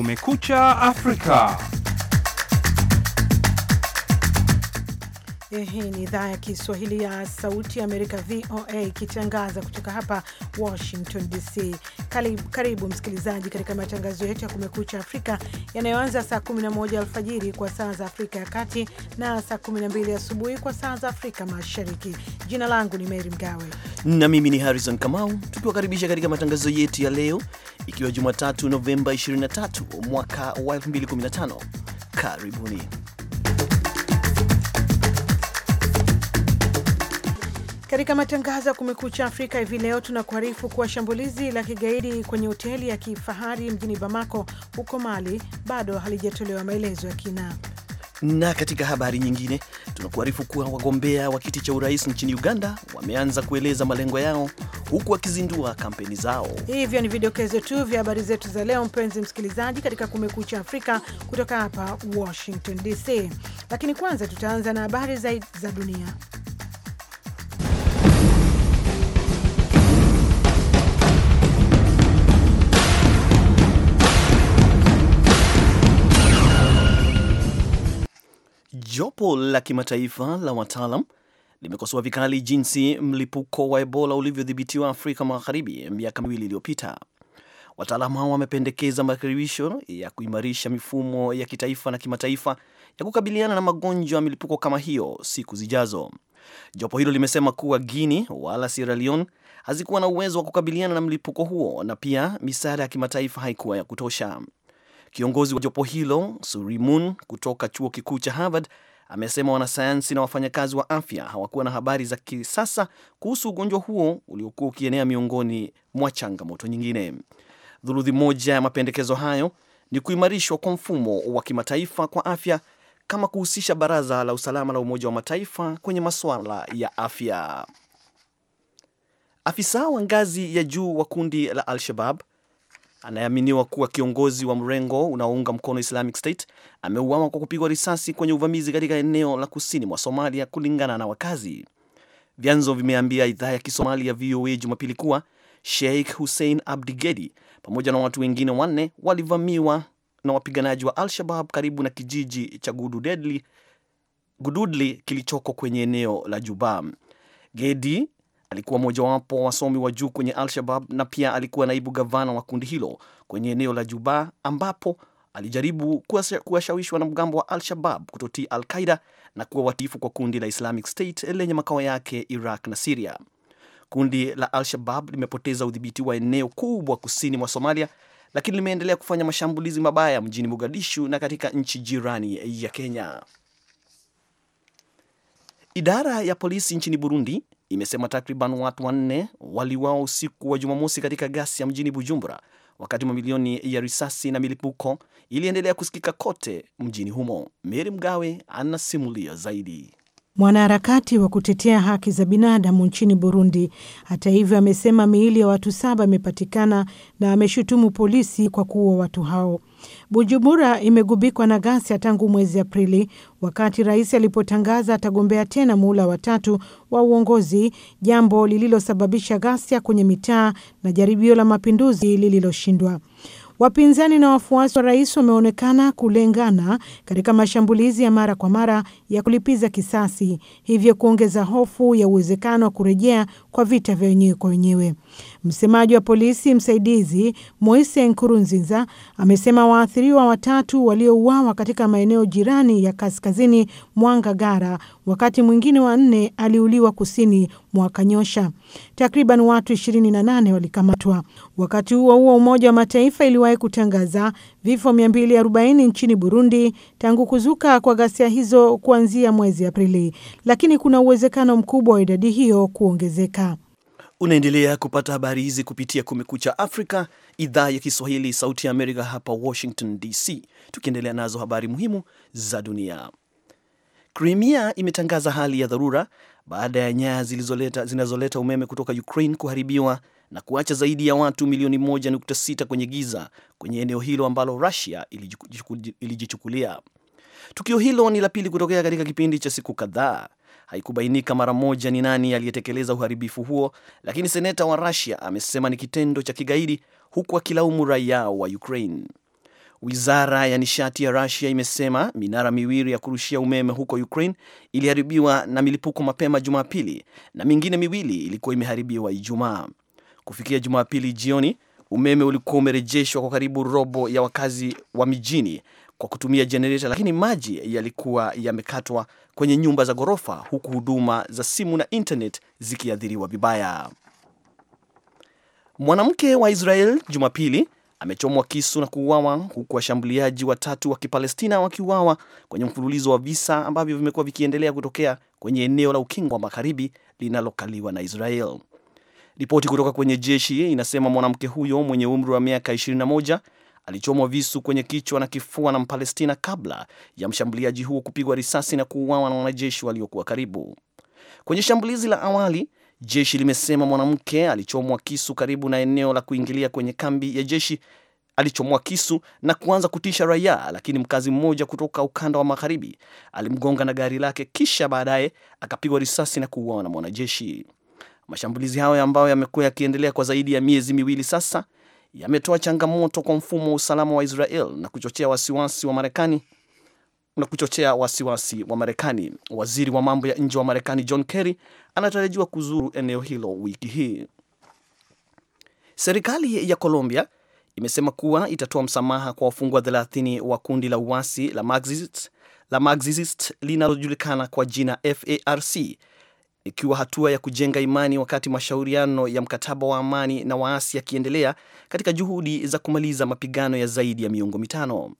Kumekucha Afrika. Hii ni idhaa ya Kiswahili ya Sauti ya Amerika, VOA, ikitangaza kutoka hapa Washington DC. Karibu, karibu msikilizaji katika matangazo yetu ya Kumekucha Afrika yanayoanza saa 11 alfajiri kwa saa za Afrika ya Kati na saa 12 asubuhi kwa saa za Afrika Mashariki. Jina langu ni Mary Mgawe na mimi ni Harrison Kamau, tukiwakaribisha katika matangazo yetu ya leo, ikiwa Jumatatu Novemba 23 mwaka wa 2015. Karibuni. Katika matangazo ya Kumekucha Afrika hivi leo tunakuarifu kuwa shambulizi la kigaidi kwenye hoteli ya kifahari mjini Bamako huko Mali bado halijatolewa maelezo ya kina. Na katika habari nyingine tunakuarifu kuwa wagombea wa kiti cha urais nchini Uganda wameanza kueleza malengo yao huku wakizindua kampeni zao. Hivyo ni vidokezo tu vya habari zetu za leo, mpenzi msikilizaji, katika Kumekucha Afrika kutoka hapa Washington DC, lakini kwanza tutaanza na habari zaidi za dunia. Jopo la kimataifa la wataalam limekosoa vikali jinsi mlipuko wa Ebola ulivyodhibitiwa Afrika Magharibi miaka miwili iliyopita. Wataalamu hao wamependekeza makaribisho ya kuimarisha mifumo ya kitaifa na kimataifa ya kukabiliana na magonjwa ya milipuko kama hiyo siku zijazo. Jopo hilo limesema kuwa Guini wala Sierra Leone hazikuwa na uwezo wa kukabiliana na mlipuko huo na pia misaada ya kimataifa haikuwa ya kutosha. Kiongozi wa jopo hilo Suri Moon kutoka chuo kikuu cha Harvard amesema wanasayansi na wafanyakazi wa afya hawakuwa na habari za kisasa kuhusu ugonjwa huo uliokuwa ukienea miongoni mwa changamoto nyingine. Dhuluthi moja ya mapendekezo hayo ni kuimarishwa kwa mfumo wa kimataifa kwa afya kama kuhusisha Baraza la Usalama la Umoja wa Mataifa kwenye masuala ya afya. Afisa wa ngazi ya juu wa kundi la Al-Shabab anayeaminiwa kuwa kiongozi wa mrengo unaounga mkono Islamic State ameuawa kwa kupigwa risasi kwenye uvamizi katika eneo la kusini mwa Somalia, kulingana na wakazi. Vyanzo vimeambia idhaa ya Kisomali ya VOA Jumapili kuwa Sheikh Hussein Abdi Gedi pamoja na watu wengine wanne walivamiwa na wapiganaji wa Al-Shabab karibu na kijiji cha Gududli kilichoko kwenye eneo la Juba. Gedi alikuwa mojawapo wa wasomi wa juu kwenye Al-Shabab na pia alikuwa naibu gavana wa kundi hilo kwenye eneo la Juba ambapo alijaribu kuwashawishi wanamgambo wa Al-Shabab kutotii Al-Qaida na kuwa watiifu kwa kundi la Islamic State lenye makao yake Iraq na Siria. Kundi la Al-Shabab limepoteza udhibiti wa eneo kubwa kusini mwa Somalia, lakini limeendelea kufanya mashambulizi mabaya mjini Mogadishu na katika nchi jirani ya Kenya. Idara ya polisi nchini Burundi imesema takriban watu wanne waliuawa usiku wa Jumamosi katika ya mjini Bujumbura, wakati mamilioni ya risasi na milipuko iliendelea kusikika kote mjini humo. Meri Mgawe anasimulia zaidi. Mwanaharakati wa kutetea haki za binadamu nchini Burundi, hata hivyo, amesema miili ya watu saba imepatikana na ameshutumu polisi kwa kuua watu hao. Bujumbura imegubikwa na ghasia tangu mwezi Aprili wakati rais alipotangaza atagombea tena muhula watatu wa uongozi, jambo lililosababisha ghasia kwenye mitaa na jaribio la mapinduzi lililoshindwa. Wapinzani na wafuasi wa rais wameonekana kulengana katika mashambulizi ya mara kwa mara ya kulipiza kisasi, hivyo kuongeza hofu ya uwezekano wa kurejea kwa vita vya wenyewe kwa wenyewe. Msemaji wa polisi msaidizi Moise Nkurunziza amesema waathiriwa watatu waliouawa katika maeneo jirani ya kaskazini mwanga gara wakati mwingine wa nne aliuliwa kusini mwa Kanyosha. Takriban watu 28 walikamatwa. Wakati huo huo, Umoja wa Mataifa iliwahi kutangaza vifo 240 nchini Burundi tangu kuzuka kwa ghasia hizo kuanzia mwezi Aprili, lakini kuna uwezekano mkubwa wa idadi hiyo kuongezeka. Unaendelea kupata habari hizi kupitia Kumekucha Afrika, idhaa ya Kiswahili, Sauti ya Amerika, hapa Washington DC, tukiendelea nazo habari muhimu za dunia. Crimea imetangaza hali ya dharura baada ya nyaya zinazoleta umeme kutoka Ukraine kuharibiwa na kuacha zaidi ya watu milioni 1.6 kwenye giza kwenye eneo hilo ambalo Russia ilijichukulia. Tukio hilo ni la pili kutokea katika kipindi cha siku kadhaa. Haikubainika mara moja ni nani aliyetekeleza uharibifu huo, lakini seneta wa Russia amesema ni kitendo cha kigaidi, huku akilaumu raia wa Ukraine. Wizara ya nishati ya Rusia imesema minara miwili ya kurushia umeme huko Ukraine iliharibiwa na milipuko mapema Jumapili na mingine miwili ilikuwa imeharibiwa Ijumaa. Kufikia Jumapili jioni, umeme ulikuwa umerejeshwa kwa karibu robo ya wakazi wa mijini kwa kutumia jenereta, lakini maji yalikuwa yamekatwa kwenye nyumba za ghorofa, huku huduma za simu na internet zikiathiriwa vibaya. Mwanamke wa Israel Jumapili amechomwa kisu na kuuawa huku washambuliaji watatu wa Kipalestina wakiuawa kwenye mfululizo wa visa ambavyo vimekuwa vikiendelea kutokea kwenye eneo la ukingo wa magharibi linalokaliwa na Israel. Ripoti kutoka kwenye jeshi inasema mwanamke huyo mwenye umri wa miaka 21 alichomwa visu kwenye kichwa na kifua na Mpalestina kabla ya mshambuliaji huo kupigwa risasi na kuuawa na wanajeshi waliokuwa karibu. Kwenye shambulizi la awali Jeshi limesema mwanamke alichomwa kisu karibu na eneo la kuingilia kwenye kambi ya jeshi. Alichomwa kisu na kuanza kutisha raia, lakini mkazi mmoja kutoka ukanda wa magharibi alimgonga na gari lake, kisha baadaye akapigwa risasi na kuuawa na mwanajeshi. Mashambulizi hayo ambayo yamekuwa yakiendelea kwa zaidi ya miezi miwili sasa yametoa changamoto kwa mfumo wa usalama wa Israel na kuchochea wasiwasi wa Marekani na kuchochea wasiwasi wa Marekani. Waziri wa mambo ya nje wa Marekani John Kerry anatarajiwa kuzuru eneo hilo wiki hii. Serikali ya Colombia imesema kuwa itatoa msamaha kwa wafungwa 30 wa kundi la uasi la Marxist, la Marxist linalojulikana kwa jina FARC ikiwa hatua ya kujenga imani wakati mashauriano ya mkataba wa amani na waasi yakiendelea katika juhudi za kumaliza mapigano ya zaidi ya miongo mitano.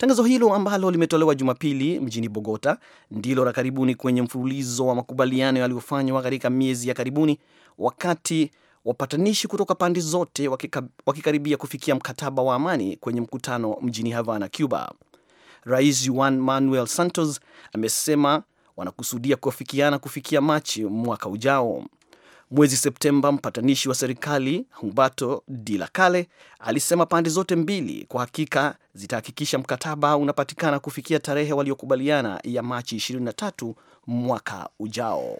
Tangazo hilo ambalo limetolewa Jumapili mjini Bogota ndilo la karibuni kwenye mfululizo wa makubaliano yaliyofanywa katika miezi ya karibuni, wakati wapatanishi kutoka pande zote wakikaribia kufikia mkataba wa amani kwenye mkutano mjini Havana, Cuba. Rais Juan Manuel Santos amesema wanakusudia kuafikiana kufikia Machi mwaka ujao. Mwezi Septemba, mpatanishi wa serikali Humbato Di la Kale alisema pande zote mbili kwa hakika zitahakikisha mkataba unapatikana kufikia tarehe waliokubaliana ya Machi 23 mwaka ujao.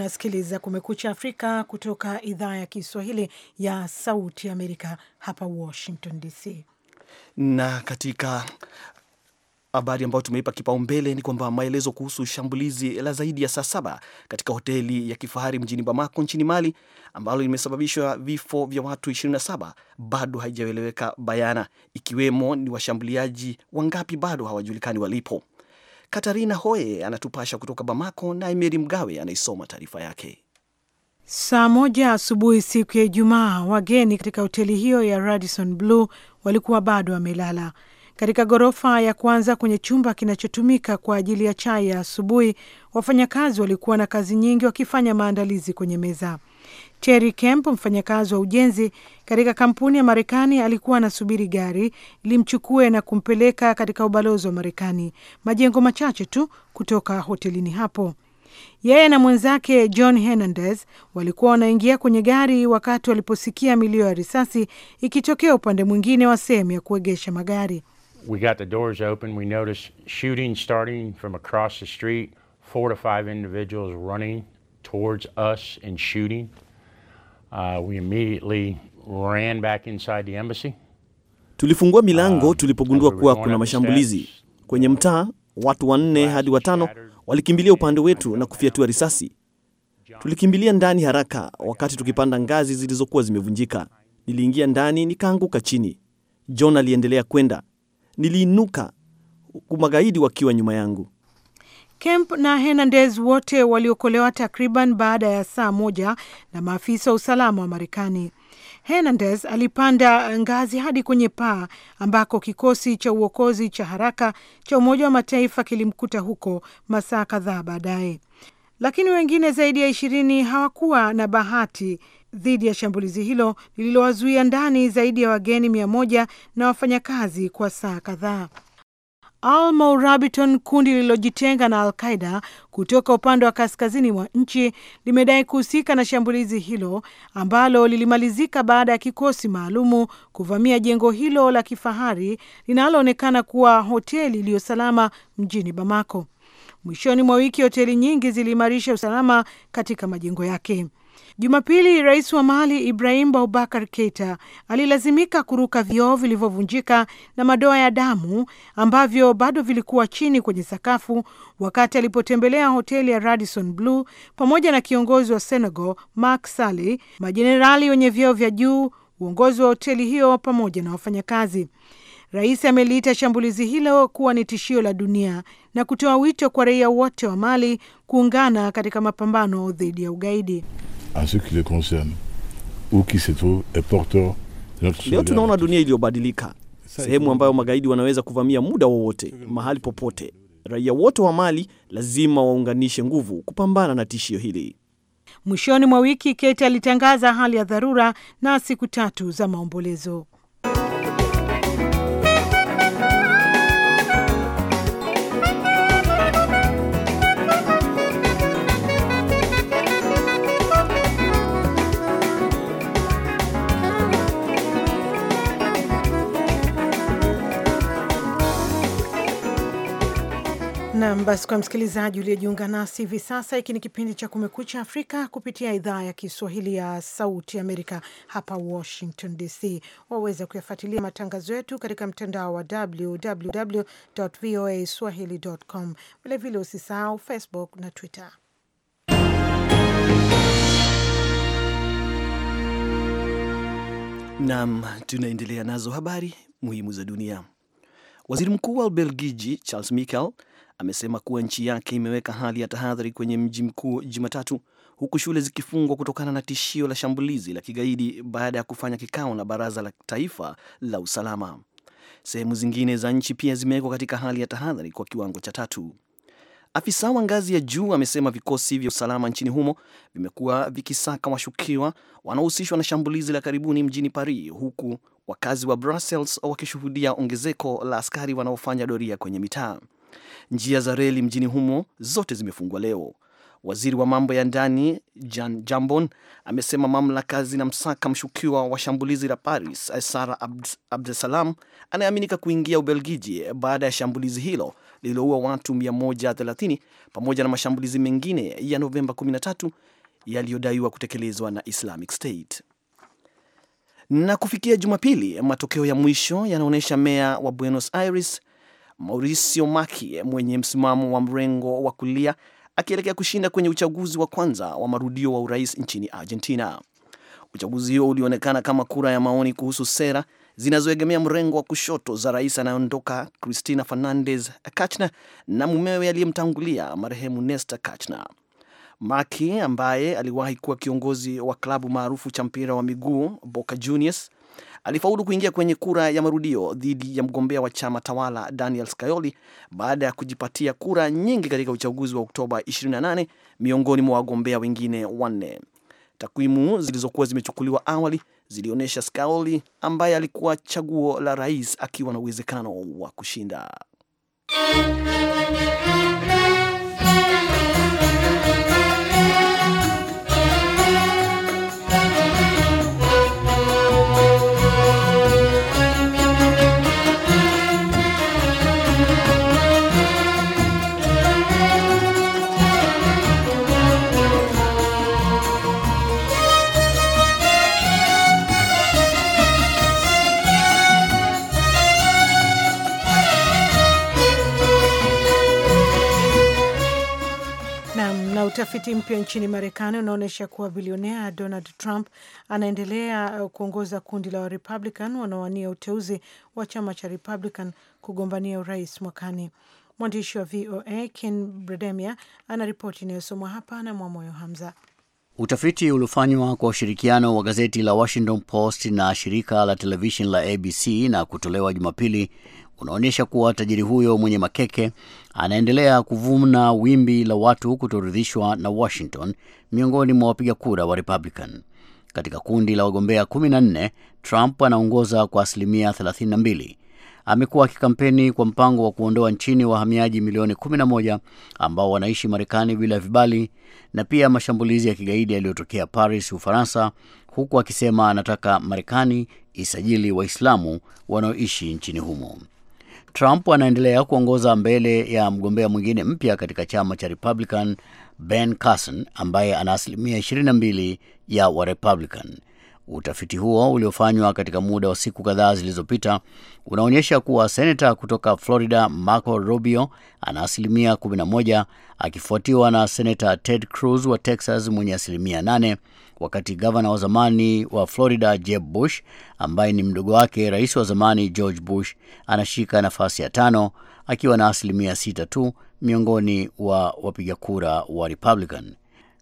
Unasikiliza Kumekucha Afrika kutoka idhaa ya Kiswahili ya Sauti Amerika, hapa Washington DC. Na katika habari ambayo tumeipa kipaumbele ni kwamba maelezo kuhusu shambulizi la zaidi ya saa saba katika hoteli ya kifahari mjini Bamako nchini Mali ambalo limesababishwa vifo vya watu 27 bado haijaeleweka bayana, ikiwemo ni washambuliaji wangapi bado hawajulikani walipo. Katarina Hoye anatupasha kutoka Bamako na Emeri Mgawe anaisoma taarifa yake. Saa moja asubuhi siku ya Ijumaa, wageni katika hoteli hiyo ya Radisson Blue walikuwa bado wamelala katika ghorofa ya kwanza kwenye chumba kinachotumika kwa ajili ya chai ya asubuhi, wafanyakazi walikuwa na kazi nyingi wakifanya maandalizi kwenye meza. Cherry Kemp, mfanyakazi wa ujenzi katika kampuni ya Marekani, alikuwa anasubiri gari limchukue na kumpeleka katika ubalozi wa Marekani, majengo machache tu kutoka hotelini hapo. Yeye na mwenzake John Hernandez walikuwa wanaingia kwenye gari wakati waliposikia milio ya risasi ikitokea upande mwingine wa sehemu ya kuegesha magari we got the doors open. We noticed shooting starting from across the street, four to five individuals running towards us and shooting. Uh, we immediately ran back inside the embassy. Tulifungua milango um, tulipogundua kuwa kuna mashambulizi kwenye mtaa. Watu wanne hadi watano walikimbilia upande wetu na kufyatua risasi. Tulikimbilia ndani haraka wakati tukipanda ngazi zilizokuwa zimevunjika. Niliingia ndani nikaanguka chini. John aliendelea kwenda niliinuka, magaidi wakiwa nyuma yangu. Kemp na Hernandez wote waliokolewa takriban baada ya saa moja na maafisa wa usalama wa Marekani. Hernandez alipanda ngazi hadi kwenye paa ambako kikosi cha uokozi cha haraka cha Umoja wa Mataifa kilimkuta huko masaa kadhaa baadaye, lakini wengine zaidi ya ishirini hawakuwa na bahati dhidi ya shambulizi hilo lililowazuia ndani zaidi ya wageni mia moja na wafanyakazi kwa saa kadhaa. Al kundi lililojitenga na Al Qaida kutoka upande wa kaskazini mwa nchi, limedai kuhusika na shambulizi hilo ambalo lilimalizika baada ya kikosi maalumu kuvamia jengo hilo la kifahari linaloonekana kuwa hoteli iliyosalama mjini Bamako. Mwishoni mwa wiki, hoteli nyingi ziliimarisha usalama katika majengo yake. Jumapili, rais wa Mali Ibrahim Boubacar Keita alilazimika kuruka vioo vilivyovunjika na madoa ya damu ambavyo bado vilikuwa chini kwenye sakafu wakati alipotembelea hoteli ya Radisson Blue pamoja na kiongozi wa Senegal mak Sali, majenerali wenye vyeo vya juu, uongozi wa hoteli hiyo pamoja na wafanyakazi. Rais ameliita shambulizi hilo kuwa ni tishio la dunia na kutoa wito kwa raia wote wa Mali kuungana katika mapambano dhidi ya ugaidi en ce qui le concerne, ou qui se trouve est porteur de notre Leo tunaona dunia iliyobadilika, sehemu ambayo magaidi wanaweza kuvamia muda wowote, mahali popote. Raia wote wa Mali lazima waunganishe nguvu kupambana na tishio hili. Mwishoni mwa wiki Keti alitangaza hali ya dharura na siku tatu za maombolezo. basi kwa msikilizaji uliyejiunga nasi hivi sasa, hiki ni kipindi cha Kumekucha Afrika kupitia idhaa ya Kiswahili ya Sauti Amerika hapa Washington DC. Waweza kuyafuatilia matangazo yetu katika mtandao wa www voa swahili.com. Vilevile usisahau Facebook na Twitter. nam tunaendelea nazo habari muhimu za dunia. Waziri Mkuu wa Ubelgiji Charles Michel amesema kuwa nchi yake imeweka hali ya tahadhari kwenye mji mkuu Jumatatu, huku shule zikifungwa kutokana na tishio la shambulizi la kigaidi baada ya kufanya kikao na baraza la taifa la usalama. Sehemu zingine za nchi pia zimewekwa katika hali ya tahadhari kwa kiwango cha tatu. Afisa wa ngazi ya juu amesema vikosi vya usalama nchini humo vimekuwa vikisaka washukiwa wanaohusishwa na shambulizi la karibuni mjini Paris, huku wakazi wa Brussels wakishuhudia ongezeko la askari wanaofanya doria kwenye mitaa. Njia za reli mjini humo zote zimefungwa leo. Waziri wa mambo ya ndani Jan Jambon amesema mamlaka zinamsaka mshukiwa wa shambulizi la Paris, Sara Abdusalam anayeaminika kuingia Ubelgiji baada ya shambulizi hilo lililoua watu 130 pamoja na mashambulizi mengine ya Novemba 13 yaliyodaiwa kutekelezwa na Islamic State. Na kufikia Jumapili, matokeo ya mwisho yanaonyesha meya wa Buenos Aires Mauricio Maki mwenye msimamo wa mrengo wa kulia akielekea kushinda kwenye uchaguzi wa kwanza wa marudio wa urais nchini Argentina. Uchaguzi huo ulionekana kama kura ya maoni kuhusu sera zinazoegemea mrengo wa kushoto za rais anayeondoka Cristina Fernandez Kirchner na mumewe aliyemtangulia marehemu Nesta Kirchner. Maki ambaye aliwahi kuwa kiongozi wa klabu maarufu cha mpira wa miguu Boca Juniors alifaulu kuingia kwenye kura ya marudio dhidi ya mgombea wa chama tawala Daniel Scioli baada ya kujipatia kura nyingi katika uchaguzi wa Oktoba 28 miongoni mwa wagombea wengine wanne. Takwimu zilizokuwa zimechukuliwa awali zilionyesha Scaoli ambaye alikuwa chaguo la rais akiwa na uwezekano wa kushinda. Utafiti mpya nchini Marekani unaonyesha kuwa bilionea Donald Trump anaendelea uh, kuongoza kundi la Warepublican wanaowania uteuzi wa chama cha Republican kugombania urais mwakani. Mwandishi wa VOA Ken Bredemia anaripoti inayosomwa hapa na Mwamoyo Hamza. Utafiti uliofanywa kwa ushirikiano wa gazeti la Washington Post na shirika la televishen la ABC na kutolewa Jumapili unaonyesha kuwa tajiri huyo mwenye makeke anaendelea kuvuna wimbi la watu kutoridhishwa na Washington miongoni mwa wapiga kura wa Republican. Katika kundi la wagombea 14, Trump anaongoza kwa asilimia 32. Amekuwa akikampeni kwa mpango wa kuondoa nchini wahamiaji milioni 11 ambao wanaishi Marekani bila vibali na pia mashambulizi ya kigaidi yaliyotokea Paris, Ufaransa, huku akisema anataka Marekani isajili Waislamu wanaoishi nchini humo. Trump anaendelea kuongoza mbele ya mgombea mwingine mpya katika chama cha Republican, Ben Carson ambaye ana asilimia 22 ya Warepublican. Utafiti huo uliofanywa katika muda wa siku kadhaa zilizopita unaonyesha kuwa senata kutoka Florida Marco Rubio ana asilimia 11, akifuatiwa na senata Ted Cruz wa Texas mwenye asilimia 8 wakati gavana wa zamani wa Florida Jeb Bush ambaye ni mdogo wake rais wa zamani George Bush anashika nafasi ya tano akiwa na asilimia sita tu miongoni wa wapiga kura wa Republican.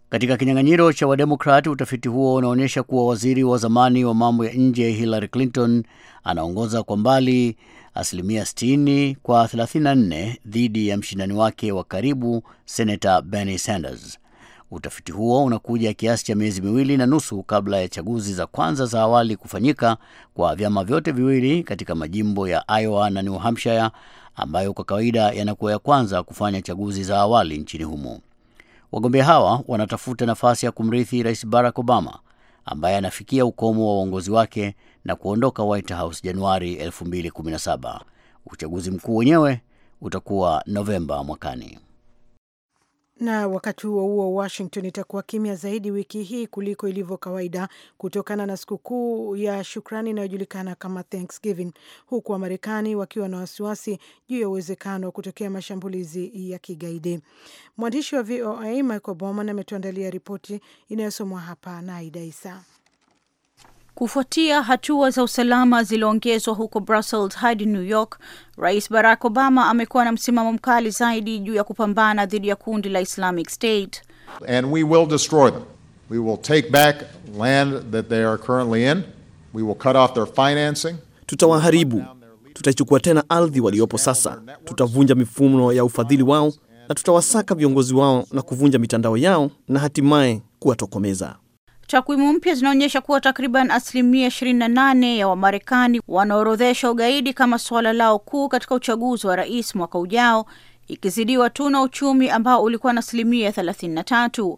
Katika kinyang'anyiro cha Wademokrat, utafiti huo unaonyesha kuwa waziri wa zamani wa mambo ya nje Hillary Clinton anaongoza kwa mbali asilimia 60 kwa 34 dhidi ya mshindani wake wa karibu senata Bernie Sanders. Utafiti huo unakuja kiasi cha miezi miwili na nusu kabla ya chaguzi za kwanza za awali kufanyika kwa vyama vyote viwili katika majimbo ya Iowa na New Hampshire ambayo kwa kawaida yanakuwa ya kwanza kufanya chaguzi za awali nchini humo. Wagombea hawa wanatafuta nafasi ya kumrithi Rais Barack Obama ambaye anafikia ukomo wa uongozi wake na kuondoka White House Januari 2017. Uchaguzi mkuu wenyewe utakuwa Novemba mwakani. Na wakati huo huo, Washington itakuwa kimya zaidi wiki hii kuliko ilivyo kawaida kutokana na sikukuu ya shukrani inayojulikana kama Thanksgiving, huku Wamarekani wakiwa na wasiwasi juu ya uwezekano wa kutokea mashambulizi ya kigaidi. Mwandishi wa VOA Michael Bowman ametuandalia ripoti inayosomwa hapa na Aida Isa kufuatia hatua za usalama ziliongezwa huko Brussels hadi New York. Rais Barack Obama amekuwa na msimamo mkali zaidi juu ya kupambana dhidi ya kundi la Islamic State. And we will destroy them. We will take back land that they are currently in. We will cut off their financing. Tutawaharibu, tutaichukua tena ardhi waliopo sasa, tutavunja mifumo ya ufadhili wao na tutawasaka viongozi wao na kuvunja mitandao yao na hatimaye kuwatokomeza. Takwimu mpya zinaonyesha kuwa takriban asilimia 28 na ya Wamarekani wanaorodhesha ugaidi kama suala lao kuu katika uchaguzi wa rais mwaka ujao, ikizidiwa tu na uchumi ambao ulikuwa na asilimia 33.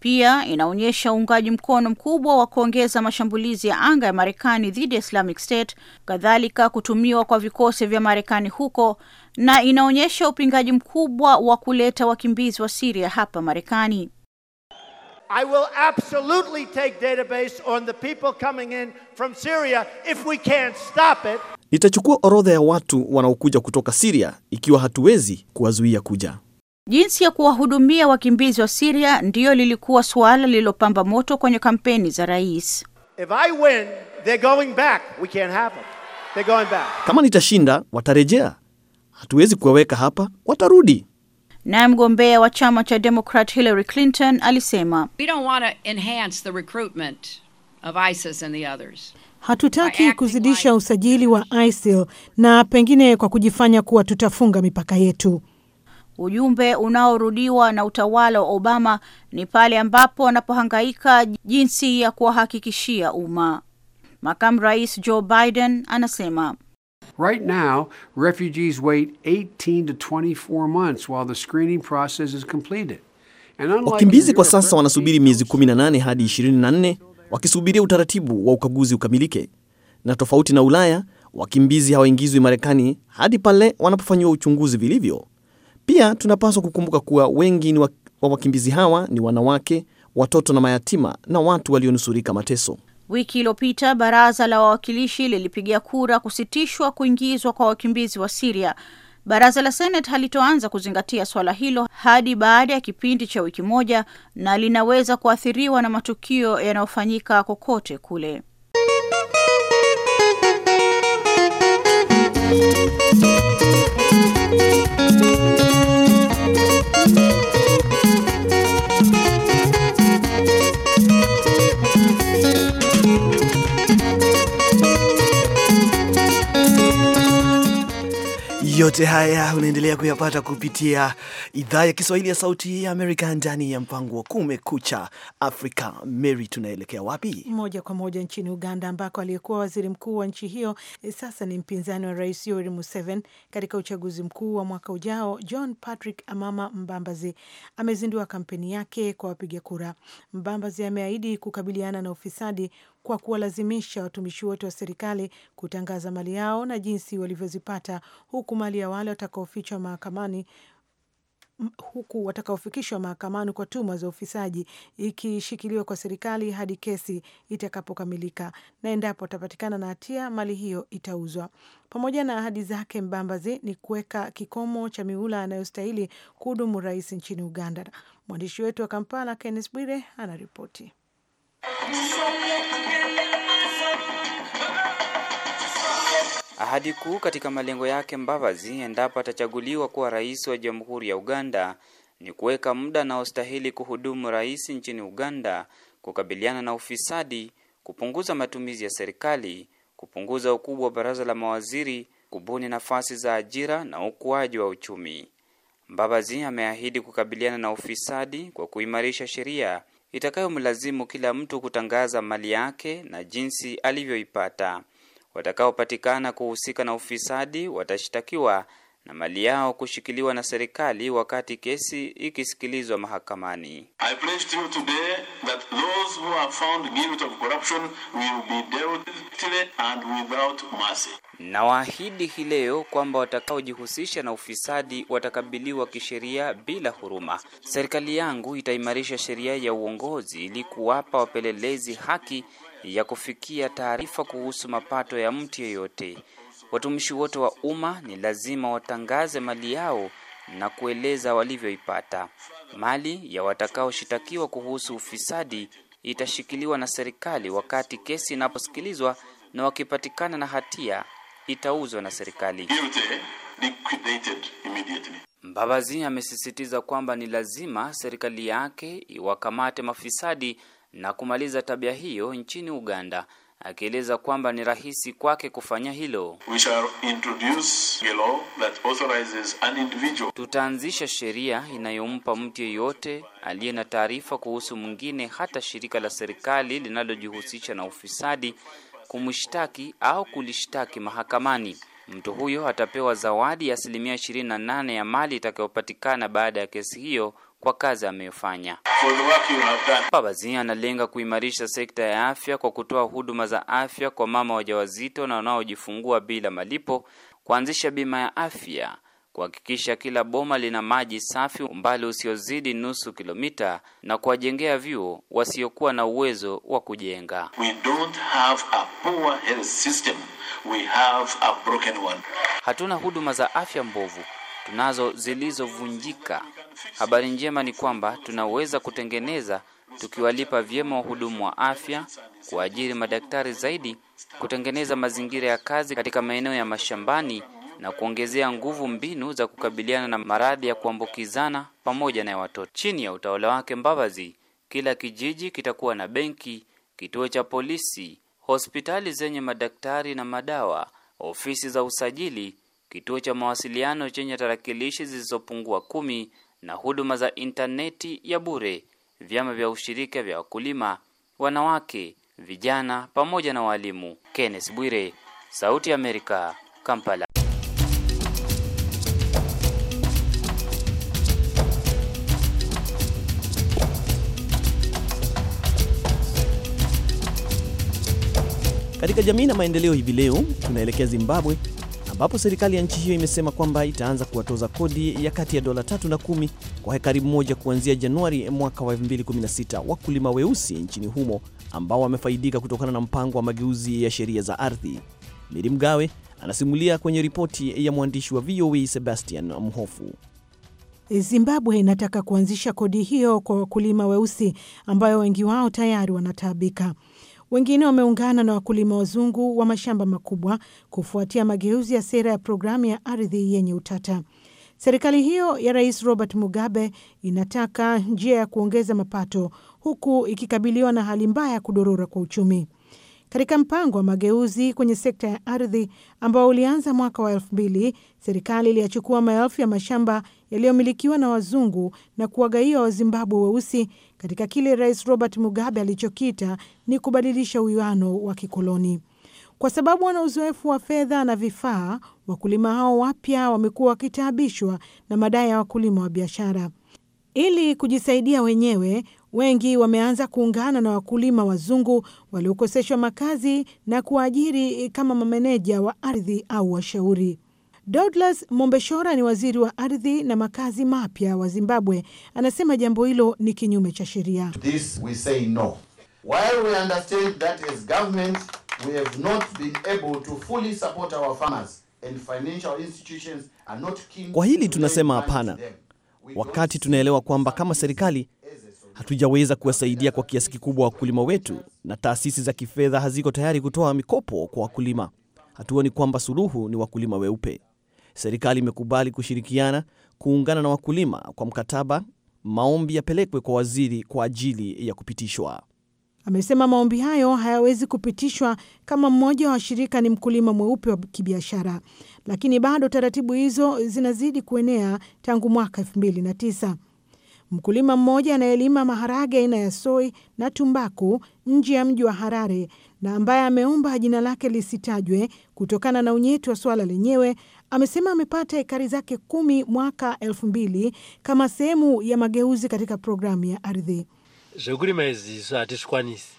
Pia inaonyesha uungaji mkono mkubwa wa kuongeza mashambulizi ya anga ya Marekani dhidi ya Islamic State, kadhalika kutumiwa kwa vikosi vya Marekani huko, na inaonyesha upingaji mkubwa wa kuleta wakimbizi wa Siria hapa Marekani. I will absolutely take database on the people coming in from Syria if we can't stop it. Nitachukua orodha ya watu wanaokuja kutoka Syria ikiwa hatuwezi kuwazuia kuja. Jinsi ya kuwahudumia wakimbizi wa Syria ndiyo lilikuwa suala lililopamba moto kwenye kampeni za rais. If I win, they're going back. We can't have them. They're going back. Kama nitashinda, watarejea. Hatuwezi kuwaweka hapa, watarudi. Naye mgombea wa chama cha demokrat Hillary Clinton alisema We don't want to enhance the recruitment of ISIS and the others. Hatutaki kuzidisha usajili wa ISIL na pengine kwa kujifanya kuwa tutafunga mipaka yetu. Ujumbe unaorudiwa na utawala wa Obama ni pale ambapo wanapohangaika jinsi ya kuwahakikishia umma. Makamu Rais Joe Biden anasema Right now, refugees wait 18 to 24 months while the screening process is completed. Wakimbizi kwa sasa wanasubiri miezi 18 hadi 24 wakisubiria utaratibu wa ukaguzi ukamilike. Na tofauti na Ulaya, wakimbizi hawaingizwi Marekani hadi pale wanapofanyiwa uchunguzi vilivyo. Pia tunapaswa kukumbuka kuwa wengi wa wakimbizi hawa ni wanawake, watoto na mayatima na watu walionusurika mateso. Wiki iliyopita baraza la wawakilishi lilipiga kura kusitishwa kuingizwa kwa wakimbizi wa Siria. Baraza la Senate halitoanza kuzingatia swala hilo hadi baada ya kipindi cha wiki moja, na linaweza kuathiriwa na matukio yanayofanyika kokote kule. Yote haya unaendelea kuyapata kupitia idhaa ya Kiswahili ya Sauti ya Amerika ndani ya mpango wa Kumekucha Afrika. Mary, tunaelekea wapi? Moja kwa moja nchini Uganda, ambako aliyekuwa waziri mkuu wa nchi hiyo eh, sasa ni mpinzani wa rais Yoweri Museveni katika uchaguzi mkuu wa mwaka ujao, John Patrick Amama Mbambazi amezindua kampeni yake kwa wapiga kura. Mbambazi ameahidi kukabiliana na ufisadi kwa kuwalazimisha watumishi wote wa serikali kutangaza mali yao na jinsi walivyozipata, huku mali ya wale watakaofichwa mahakamani huku watakaofikishwa mahakamani kwa tuma za ufisaji ikishikiliwa kwa serikali hadi kesi itakapokamilika, na endapo atapatikana na hatia mali hiyo itauzwa. Pamoja na ahadi zake mbambazi ni kuweka kikomo cha miula anayostahili kuhudumu rais nchini Uganda. Mwandishi wetu wa Kampala, kennes Bwire, anaripoti. Ahadi kuu katika malengo yake Mbavazi, endapo atachaguliwa kuwa rais wa Jamhuri ya Uganda, ni kuweka muda anaostahili kuhudumu rais nchini Uganda, kukabiliana na ufisadi, kupunguza matumizi ya serikali, kupunguza ukubwa wa baraza la mawaziri, kubuni nafasi za ajira na ukuaji wa uchumi. Mbabazi ameahidi kukabiliana na ufisadi kwa kuimarisha sheria itakayomlazimu kila mtu kutangaza mali yake na jinsi alivyoipata. Watakaopatikana kuhusika na ufisadi watashtakiwa na mali yao kushikiliwa na serikali wakati kesi ikisikilizwa mahakamani. I Nawaahidi hii leo kwamba watakaojihusisha na ufisadi watakabiliwa kisheria bila huruma. Serikali yangu itaimarisha sheria ya uongozi ili kuwapa wapelelezi haki ya kufikia taarifa kuhusu mapato ya mtu yeyote. Watumishi wote wa umma ni lazima watangaze mali yao na kueleza walivyoipata. Mali ya watakaoshitakiwa kuhusu ufisadi itashikiliwa na serikali wakati kesi inaposikilizwa, na wakipatikana na hatia itauzwa na serikali. Mbabazi amesisitiza kwamba ni lazima serikali yake iwakamate mafisadi na kumaliza tabia hiyo nchini Uganda akieleza kwamba ni rahisi kwake kufanya hilo. We shall introduce a law that authorizes an individual. Tutaanzisha sheria inayompa mtu yeyote aliye na taarifa kuhusu mwingine, hata shirika la serikali linalojihusisha na ufisadi, kumshtaki au kulishtaki mahakamani. Mtu huyo atapewa zawadi ya asilimia 28 ya mali itakayopatikana baada ya kesi hiyo kwa kazi ameyofanya. Pabazia analenga kuimarisha sekta ya afya kwa kutoa huduma za afya kwa mama wajawazito na wanaojifungua bila malipo, kuanzisha bima ya afya, kuhakikisha kila boma lina maji safi umbali usiozidi nusu kilomita, na kuwajengea vyuo wasiokuwa na uwezo wa kujenga. Hatuna huduma za afya mbovu, tunazo zilizovunjika Habari njema ni kwamba tunaweza kutengeneza tukiwalipa vyema wahudumu wa afya, kuajiri madaktari zaidi, kutengeneza mazingira ya kazi katika maeneo ya mashambani na kuongezea nguvu mbinu za kukabiliana na maradhi ya kuambukizana pamoja na ya watoto. Chini ya utawala wake Mbabazi, kila kijiji kitakuwa na benki, kituo cha polisi, hospitali zenye madaktari na madawa, ofisi za usajili, kituo cha mawasiliano chenye tarakilishi zilizopungua kumi na huduma za intaneti ya bure, vyama vya ushirika vya wakulima, wanawake, vijana pamoja na walimu. Kenneth Bwire, Sauti ya Amerika, Kampala. Katika jamii na maendeleo hivi leo tunaelekea Zimbabwe ambapo serikali ya nchi hiyo imesema kwamba itaanza kuwatoza kodi ya kati ya dola tatu na kumi kwa hekari moja kuanzia Januari mwaka wa 2016 wakulima weusi nchini humo ambao wamefaidika kutokana na mpango wa mageuzi ya sheria za ardhi. Miri Mgawe anasimulia kwenye ripoti ya mwandishi wa VOA e Sebastian Mhofu. Zimbabwe inataka kuanzisha kodi hiyo kwa wakulima weusi ambayo wengi wao tayari wanataabika. Wengine wameungana na wakulima wazungu wa mashamba makubwa kufuatia mageuzi ya sera ya programu ya ardhi yenye utata. Serikali hiyo ya Rais Robert Mugabe inataka njia ya kuongeza mapato huku ikikabiliwa na hali mbaya ya kudorora kwa uchumi katika mpango wa mageuzi kwenye sekta ya ardhi ambao ulianza mwaka wa elfu mbili, serikali iliyachukua maelfu ya mashamba yaliyomilikiwa na wazungu na kuwagaia Wazimbabwe weusi katika kile Rais Robert Mugabe alichokita ni kubadilisha uwiano wa kikoloni. Kwa sababu wana uzoefu wa fedha na vifaa, wakulima hao wapya wamekuwa wakitaabishwa na madai ya wakulima wa biashara. Ili kujisaidia wenyewe, wengi wameanza kuungana na wakulima wazungu waliokoseshwa makazi na kuwaajiri kama mameneja wa ardhi au washauri. Douglas Mombeshora ni waziri wa ardhi na makazi mapya wa Zimbabwe, anasema jambo hilo ni kinyume cha sheria. Kwa hili tunasema hapana wakati tunaelewa kwamba kama serikali hatujaweza kuwasaidia kwa kiasi kikubwa wakulima wetu na taasisi za kifedha haziko tayari kutoa mikopo kwa wakulima. hatuoni kwamba suluhu ni wakulima weupe. Serikali imekubali kushirikiana kuungana na wakulima kwa mkataba, maombi yapelekwe kwa waziri kwa ajili ya kupitishwa. Amesema maombi hayo hayawezi kupitishwa kama mmoja wa washirika ni mkulima mweupe wa kibiashara, lakini bado taratibu hizo zinazidi kuenea tangu mwaka elfu mbili na tisa. Mkulima mmoja anayelima maharage aina ya soi na tumbaku nje ya mji wa Harare na ambaye ameomba jina lake lisitajwe kutokana na unyeti wa suala lenyewe amesema amepata ekari zake kumi mwaka elfu mbili kama sehemu ya mageuzi katika programu ya ardhi zvekurima maiziso hatisikwanisi hatizvikwanisi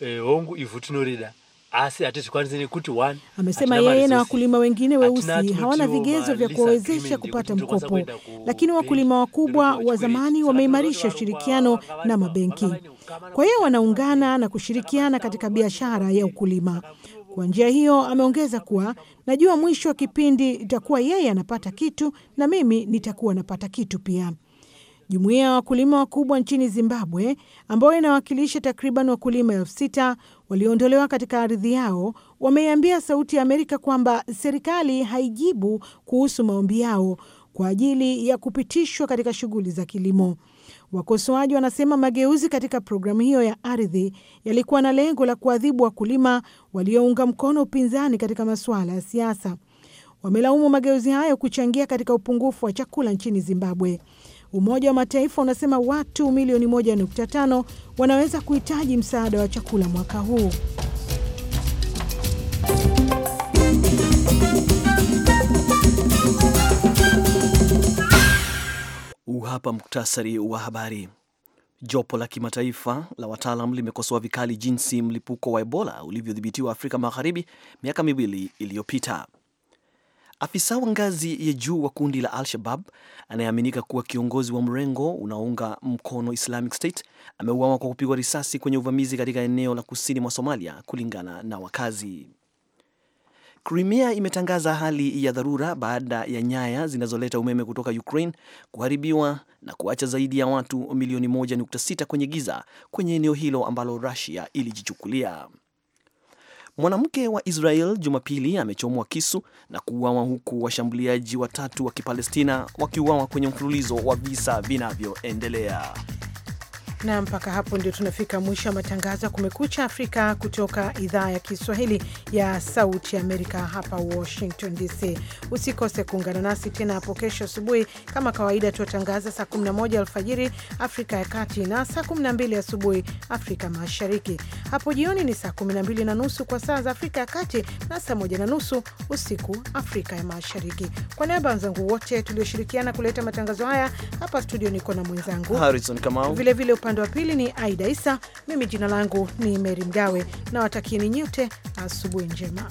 e, eh, hongu ivhu tinorida asi hatizvikwanisi nekuti one amesema yeye na wakulima wengine weusi hawana vigezo vya kuwawezesha kupata mkopo, lakini wakulima wakubwa wa zamani wameimarisha ushirikiano na mabenki. Kwa hiyo wanaungana na kushirikiana katika biashara ya ukulima. Kwa njia hiyo, ameongeza kuwa najua mwisho wa kipindi itakuwa yeye anapata kitu na mimi nitakuwa napata kitu pia. Jumuiya ya wakulima wakubwa nchini Zimbabwe, ambayo inawakilisha takriban wakulima elfu sita walioondolewa katika ardhi yao, wameiambia Sauti ya Amerika kwamba serikali haijibu kuhusu maombi yao kwa ajili ya kupitishwa katika shughuli za kilimo. Wakosoaji wanasema mageuzi katika programu hiyo ya ardhi yalikuwa na lengo la kuadhibu wakulima waliounga mkono upinzani katika masuala ya siasa. Wamelaumu mageuzi hayo kuchangia katika upungufu wa chakula nchini Zimbabwe. Umoja wa Mataifa unasema watu milioni 1.5 wanaweza kuhitaji msaada wa chakula mwaka huu. Hapa muktasari wa habari. Jopo la kimataifa la wataalam limekosoa vikali jinsi mlipuko wa Ebola ulivyodhibitiwa Afrika Magharibi miaka miwili iliyopita. Afisa wa ngazi ya juu wa kundi la Al-Shabab anayeaminika kuwa kiongozi wa mrengo unaounga mkono Islamic State ameuawa kwa kupigwa risasi kwenye uvamizi katika eneo la kusini mwa Somalia, kulingana na wakazi. Crimea imetangaza hali ya dharura baada ya nyaya zinazoleta umeme kutoka Ukraine kuharibiwa na kuacha zaidi ya watu milioni 1.6 kwenye giza kwenye eneo hilo ambalo Russia ilijichukulia. Mwanamke wa Israel Jumapili amechomwa kisu na kuuawa huku washambuliaji watatu wa Kipalestina wakiuawa kwenye mfululizo wa visa vinavyoendelea na mpaka hapo ndio tunafika mwisho wa matangazo ya Kumekucha Afrika kutoka idhaa ya Kiswahili ya Sauti ya Amerika hapa Washington DC. Usikose kuungana nasi tena hapo kesho asubuhi kama kawaida, tuatangaza saa 11 alfajiri Afrika ya Kati na saa 12 asubuhi Afrika Mashariki. Hapo jioni ni saa 12 na nusu kwa saa za Afrika ya Kati na saa 1 na nusu usiku Afrika ya Mashariki. Kwa niaba wenzangu wote tulioshirikiana kuleta matangazo haya hapa studio, niko na mwenzangu Harrison Kamau vilevile Upande wa pili ni Aida Isa. Mimi jina langu ni Meri Mgawe na watakieni nyote asubuhi njema.